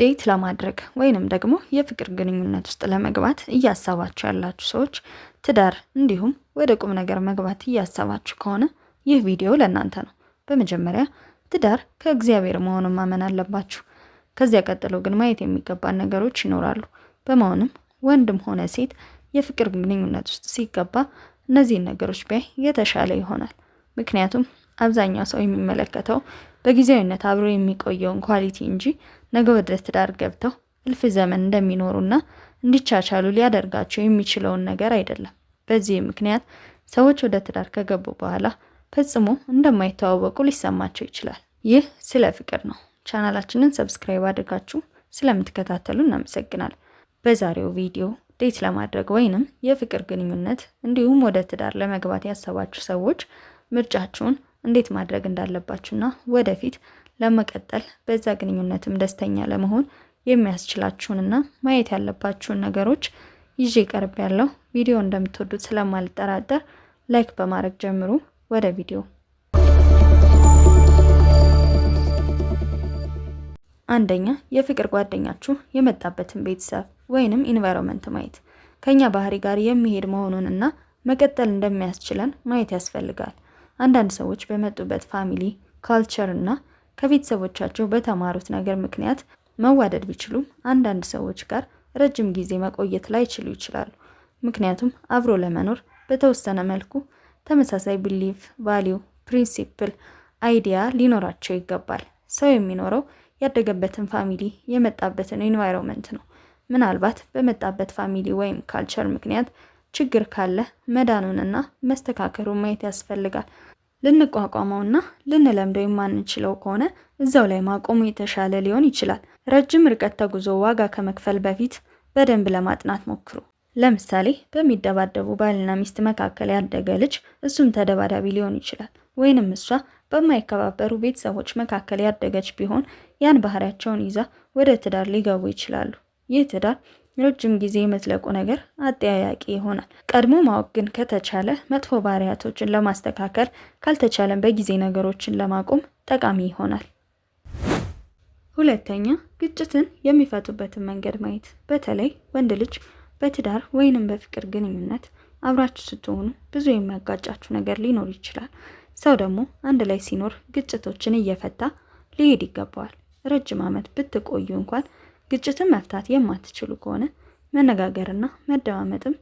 ዴት ለማድረግ ወይንም ደግሞ የፍቅር ግንኙነት ውስጥ ለመግባት እያሰባችሁ ያላችሁ ሰዎች ትዳር እንዲሁም ወደ ቁም ነገር መግባት እያሰባችሁ ከሆነ ይህ ቪዲዮ ለእናንተ ነው። በመጀመሪያ ትዳር ከእግዚአብሔር መሆኑን ማመን አለባችሁ። ከዚያ ቀጥሎ ግን ማየት የሚገባን ነገሮች ይኖራሉ። በመሆኑም ወንድም ሆነ ሴት የፍቅር ግንኙነት ውስጥ ሲገባ እነዚህን ነገሮች ቢያይ የተሻለ ይሆናል። ምክንያቱም አብዛኛው ሰው የሚመለከተው በጊዜያዊነት አብሮ የሚቆየውን ኳሊቲ እንጂ ነገ ወደ ትዳር ገብተው እልፍ ዘመን እንደሚኖሩና እንዲቻቻሉ ሊያደርጋቸው የሚችለውን ነገር አይደለም። በዚህ ምክንያት ሰዎች ወደ ትዳር ከገቡ በኋላ ፈጽሞ እንደማይተዋወቁ ሊሰማቸው ይችላል። ይህ ስለ ፍቅር ነው። ቻናላችንን ሰብስክራይብ አድርጋችሁ ስለምትከታተሉ እናመሰግናል። በዛሬው ቪዲዮ ዴት ለማድረግ ወይንም የፍቅር ግንኙነት እንዲሁም ወደ ትዳር ለመግባት ያሰባችሁ ሰዎች ምርጫችሁን እንዴት ማድረግ እንዳለባችሁና ወደፊት ለመቀጠል በዛ ግንኙነትም ደስተኛ ለመሆን የሚያስችላችሁንና ማየት ያለባችሁን ነገሮች ይዤ ቀርብ ያለው ቪዲዮ እንደምትወዱት ስለማልጠራጠር ላይክ በማድረግ ጀምሩ። ወደ ቪዲዮ አንደኛ የፍቅር ጓደኛችሁ የመጣበትን ቤተሰብ ወይንም ኢንቫይሮንመንት ማየት ከኛ ባህሪ ጋር የሚሄድ መሆኑንና መቀጠል እንደሚያስችለን ማየት ያስፈልጋል። አንዳንድ ሰዎች በመጡበት ፋሚሊ ካልቸር እና ከቤተሰቦቻቸው በተማሩት ነገር ምክንያት መዋደድ ቢችሉም አንዳንድ ሰዎች ጋር ረጅም ጊዜ መቆየት ላይችሉ ይችላሉ። ምክንያቱም አብሮ ለመኖር በተወሰነ መልኩ ተመሳሳይ ቢሊቭ፣ ቫሊው ፕሪንሲፕል፣ አይዲያ ሊኖራቸው ይገባል። ሰው የሚኖረው ያደገበትን ፋሚሊ፣ የመጣበትን ኢንቫይሮንመንት ነው። ምናልባት በመጣበት ፋሚሊ ወይም ካልቸር ምክንያት ችግር ካለ መዳኑንና መስተካከሩን ማየት ያስፈልጋል። ልንቋቋመውና ልንለምደው የማንችለው ከሆነ እዛው ላይ ማቆሙ የተሻለ ሊሆን ይችላል። ረጅም ርቀት ተጉዞ ዋጋ ከመክፈል በፊት በደንብ ለማጥናት ሞክሩ። ለምሳሌ በሚደባደቡ ባልና ሚስት መካከል ያደገ ልጅ እሱም ተደባዳቢ ሊሆን ይችላል። ወይንም እሷ በማይከባበሩ ቤተሰቦች መካከል ያደገች ቢሆን ያን ባህሪያቸውን ይዛ ወደ ትዳር ሊገቡ ይችላሉ። ይህ ትዳር ረጅም ጊዜ የመዝለቁ ነገር አጠያያቂ ይሆናል። ቀድሞ ማወቅ ግን ከተቻለ መጥፎ ባህሪያቶችን ለማስተካከል ካልተቻለም በጊዜ ነገሮችን ለማቆም ጠቃሚ ይሆናል። ሁለተኛ ግጭትን የሚፈቱበትን መንገድ ማየት። በተለይ ወንድ ልጅ በትዳር ወይንም በፍቅር ግንኙነት አብራችሁ ስትሆኑ ብዙ የሚያጋጫችሁ ነገር ሊኖር ይችላል። ሰው ደግሞ አንድ ላይ ሲኖር ግጭቶችን እየፈታ ሊሄድ ይገባዋል። ረጅም ዓመት ብትቆዩ እንኳን ግጭትን መፍታት የማትችሉ ከሆነ መነጋገርና መደማመጥም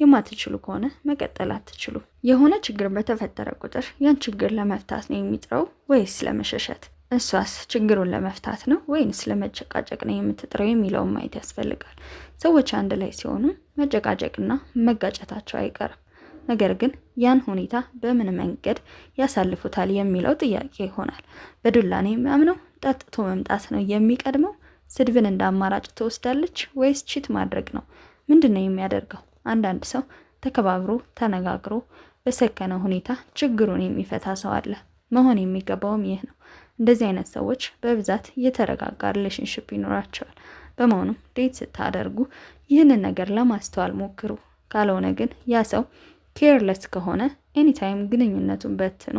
የማትችሉ ከሆነ መቀጠል አትችሉ። የሆነ ችግር በተፈጠረ ቁጥር ያን ችግር ለመፍታት ነው የሚጥረው ወይስ ለመሸሸት? እሷስ ችግሩን ለመፍታት ነው ወይንስ ለመጨቃጨቅ ነው የምትጥረው የሚለውን ማየት ያስፈልጋል። ሰዎች አንድ ላይ ሲሆኑ መጨቃጨቅና መጋጨታቸው አይቀርም። ነገር ግን ያን ሁኔታ በምን መንገድ ያሳልፉታል የሚለው ጥያቄ ይሆናል። በዱላ ነው የሚያምነው? ጠጥቶ መምጣት ነው የሚቀድመው ስድብን እንደ አማራጭ ትወስዳለች ወይስ ቺት ማድረግ ነው? ምንድን ነው የሚያደርገው? አንዳንድ ሰው ተከባብሮ ተነጋግሮ በሰከነ ሁኔታ ችግሩን የሚፈታ ሰው አለ። መሆን የሚገባውም ይህ ነው። እንደዚህ አይነት ሰዎች በብዛት የተረጋጋ ሪሌሽንሽፕ ይኖራቸዋል። በመሆኑም ዴት ስታደርጉ ይህንን ነገር ለማስተዋል ሞክሩ። ካልሆነ ግን ያ ሰው ኬርለስ ከሆነ ኤኒታይም ግንኙነቱን በትኖ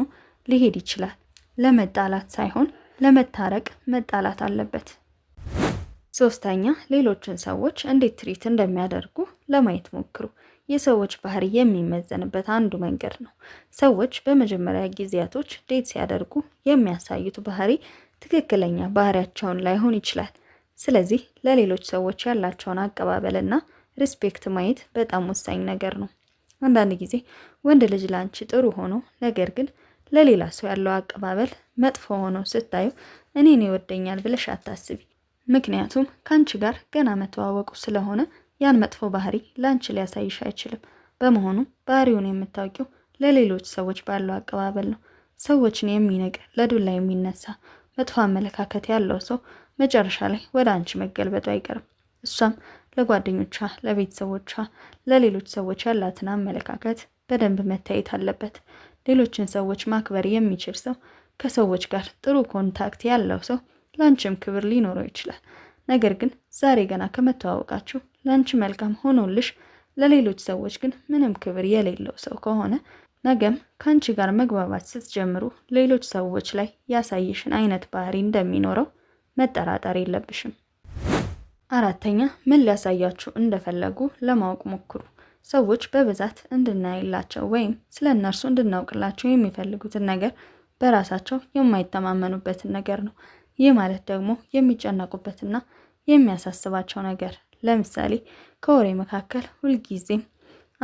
ሊሄድ ይችላል። ለመጣላት ሳይሆን ለመታረቅ መጣላት አለበት። ሶስተኛ ሌሎችን ሰዎች እንዴት ትሪት እንደሚያደርጉ ለማየት ሞክሩ። የሰዎች ባህሪ የሚመዘንበት አንዱ መንገድ ነው። ሰዎች በመጀመሪያ ጊዜያቶች ዴት ሲያደርጉ የሚያሳዩት ባህሪ ትክክለኛ ባህሪያቸውን ላይሆን ይችላል። ስለዚህ ለሌሎች ሰዎች ያላቸውን አቀባበልና ሪስፔክት ማየት በጣም ወሳኝ ነገር ነው። አንዳንድ ጊዜ ወንድ ልጅ ላንቺ ጥሩ ሆኖ ነገር ግን ለሌላ ሰው ያለው አቀባበል መጥፎ ሆኖ ስታዩ እኔን ይወደኛል ብለሽ አታስቢ። ምክንያቱም ከአንቺ ጋር ገና መተዋወቁ ስለሆነ ያን መጥፎ ባህሪ ለአንቺ ሊያሳይሽ አይችልም። በመሆኑ ባህሪውን የምታውቂው ለሌሎች ሰዎች ባለው አቀባበል ነው። ሰዎችን የሚነቅ ለዱላ የሚነሳ መጥፎ አመለካከት ያለው ሰው መጨረሻ ላይ ወደ አንቺ መገልበጡ አይቀርም። እሷም ለጓደኞቿ፣ ለቤተሰቦቿ፣ ለሌሎች ሰዎች ያላትን አመለካከት በደንብ መታየት አለበት። ሌሎችን ሰዎች ማክበር የሚችል ሰው፣ ከሰዎች ጋር ጥሩ ኮንታክት ያለው ሰው ላንችም ክብር ሊኖረው ይችላል። ነገር ግን ዛሬ ገና ከመተዋወቃችሁ ላንች መልካም ሆኖልሽ ለሌሎች ሰዎች ግን ምንም ክብር የሌለው ሰው ከሆነ ነገም ከአንቺ ጋር መግባባት ስትጀምሩ ሌሎች ሰዎች ላይ ያሳየሽን አይነት ባህሪ እንደሚኖረው መጠራጠር የለብሽም። አራተኛ ምን ሊያሳያችሁ እንደፈለጉ ለማወቅ ሞክሩ። ሰዎች በብዛት እንድናይላቸው ወይም ስለ እነርሱ እንድናውቅላቸው የሚፈልጉትን ነገር በራሳቸው የማይተማመኑበትን ነገር ነው። ይህ ማለት ደግሞ የሚጨነቁበትና የሚያሳስባቸው ነገር ለምሳሌ ከወሬ መካከል ሁልጊዜም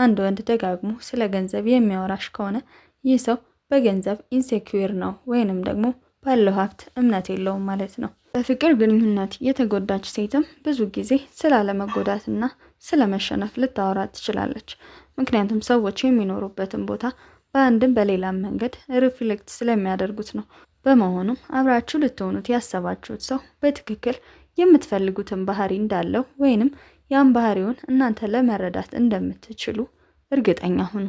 አንድ ወንድ ደጋግሞ ስለ ገንዘብ የሚያወራሽ ከሆነ ይህ ሰው በገንዘብ ኢንሴኪር ነው ወይንም ደግሞ ባለው ሀብት እምነት የለውም ማለት ነው። በፍቅር ግንኙነት የተጎዳች ሴትም ብዙ ጊዜ ስላለመጎዳትና ስለመሸነፍ ልታወራ ትችላለች። ምክንያቱም ሰዎች የሚኖሩበትን ቦታ በአንድም በሌላም መንገድ ሪፍሌክት ስለሚያደርጉት ነው። በመሆኑም አብራችሁ ልትሆኑት ያሰባችሁት ሰው በትክክል የምትፈልጉትን ባህሪ እንዳለው ወይንም ያን ባህሪውን እናንተ ለመረዳት እንደምትችሉ እርግጠኛ ሁኑ።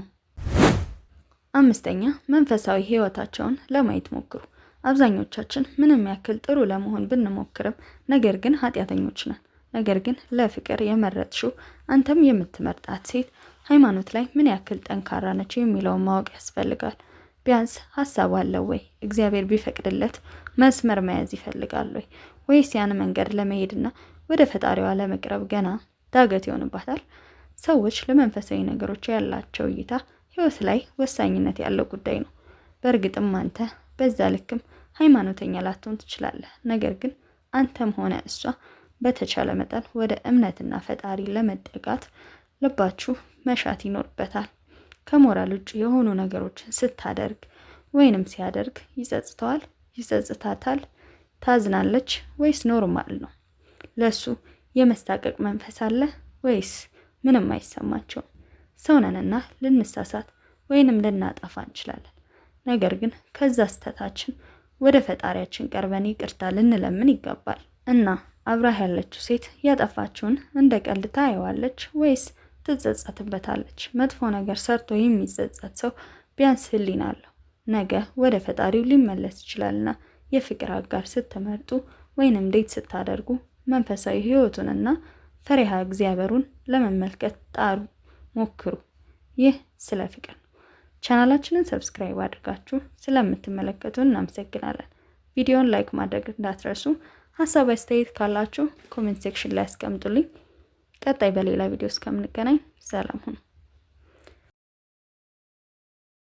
አምስተኛ መንፈሳዊ ህይወታቸውን ለማየት ሞክሩ። አብዛኞቻችን ምንም ያክል ጥሩ ለመሆን ብንሞክርም ነገር ግን ኃጢአተኞች ነን። ነገር ግን ለፍቅር የመረጥሽው አንተም የምትመርጣት ሴት ሃይማኖት ላይ ምን ያክል ጠንካራ ነች የሚለውን ማወቅ ያስፈልጋል። ቢያንስ ሀሳብ አለው ወይ? እግዚአብሔር ቢፈቅድለት መስመር መያዝ ይፈልጋል ወይ? ወይስ ያን መንገድ ለመሄድና ወደ ፈጣሪዋ ለመቅረብ ገና ዳገት ይሆንባታል? ሰዎች ለመንፈሳዊ ነገሮች ያላቸው እይታ ህይወት ላይ ወሳኝነት ያለው ጉዳይ ነው። በእርግጥም አንተ በዛ ልክም ሃይማኖተኛ ላትሆን ትችላለህ። ነገር ግን አንተም ሆነ እሷ በተቻለ መጠን ወደ እምነትና ፈጣሪ ለመጠጋት ልባችሁ መሻት ይኖርበታል። ከሞራል ውጭ የሆኑ ነገሮችን ስታደርግ ወይንም ሲያደርግ ይጸጽተዋል? ይጸጽታታል? ታዝናለች? ወይስ ኖርማል ነው? ለሱ የመስታቀቅ መንፈስ አለ ወይስ ምንም አይሰማቸውም? ሰውነንና ልንሳሳት ወይንም ልናጠፋ እንችላለን። ነገር ግን ከዛ ስህተታችን ወደ ፈጣሪያችን ቀርበን ይቅርታ ልንለምን ይገባል። እና አብራህ ያለችው ሴት ያጠፋችውን እንደ ቀልድ ታየዋለች ወይስ ትጸጸትበታለች። መጥፎ ነገር ሰርቶ የሚጸጸት ሰው ቢያንስ ህሊና አለው፣ ነገ ወደ ፈጣሪው ሊመለስ ይችላልና የፍቅር አጋር ስትመርጡ ወይንም ዴት ስታደርጉ መንፈሳዊ ህይወቱንና ፈሪሃ እግዚአብሔሩን ለመመልከት ጣሩ፣ ሞክሩ። ይህ ስለ ፍቅር ነው። ቻናላችንን ሰብስክራይብ አድርጋችሁ ስለምትመለከቱ እናመሰግናለን። ቪዲዮን ላይክ ማድረግ እንዳትረሱ። ሀሳብ አስተያየት ካላችሁ ኮሜንት ሴክሽን ላይ አስቀምጡልኝ። ቀጣይ በሌላ ቪዲዮ እስከምንገናኝ ሰላም ሁኑ።